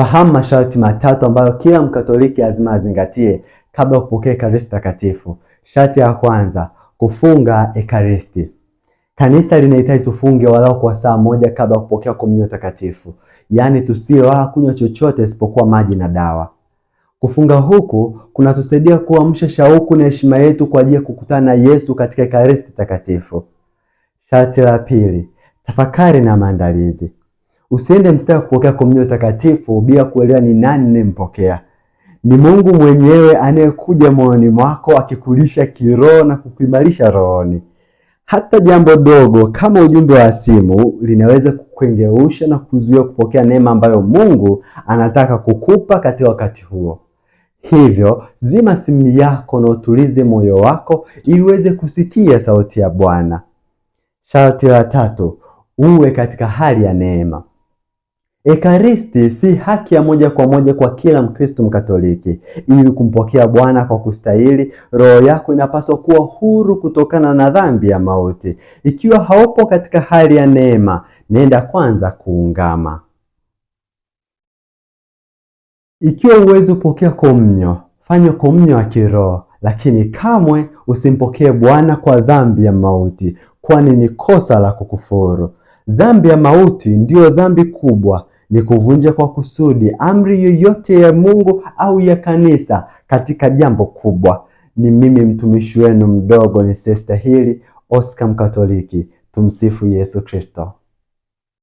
Fahamu masharti matatu ambayo kila Mkatoliki lazima azingatie kabla ya kupokea Ekaristi Takatifu. Sharti ya kwanza, kufunga Ekaristi. Kanisa linahitaji tufunge walau kwa saa moja kabla ya kupokea Komunio takatifu, yaani tusile wala kunywa chochote isipokuwa maji na dawa. Kufunga huku kunatusaidia kuamsha shauku na heshima yetu kwa ajili ya kukutana na Yesu katika Ekaristi Takatifu. Sharti la pili, tafakari na maandalizi. Usiende mstari kupokea komunyo takatifu bila kuelewa ni nani nimpokea. Ni Mungu mwenyewe anayekuja moyoni mwako akikulisha kiroho na kukuimarisha rohoni. Hata jambo dogo kama ujumbe wa simu linaweza kukwengeusha na kuzuia kupokea neema ambayo Mungu anataka kukupa katika wakati huo. Hivyo zima simu yako na utulize moyo wako ili uweze kusikia sauti ya Bwana. Sharti la tatu, uwe katika hali ya neema. Ekaristi si haki ya moja kwa moja kwa kila Mkristo Mkatoliki. Ili kumpokea Bwana kwa kustahili, roho yako inapaswa kuwa huru kutokana na dhambi ya mauti. Ikiwa haupo katika hali ya neema, nenda kwanza kuungama. Ikiwa huwezi kupokea komnyo, fanya komnyo ya kiroho, lakini kamwe usimpokee Bwana kwa dhambi ya mauti, kwani ni kosa la kukufuru. Dhambi ya mauti ndiyo dhambi kubwa ni kuvunja kwa kusudi amri yoyote ya Mungu au ya kanisa katika jambo kubwa. Ni mimi mtumishi wenu mdogo, ni Sesta Hili Oscar Mkatoliki. Tumsifu Yesu Kristo.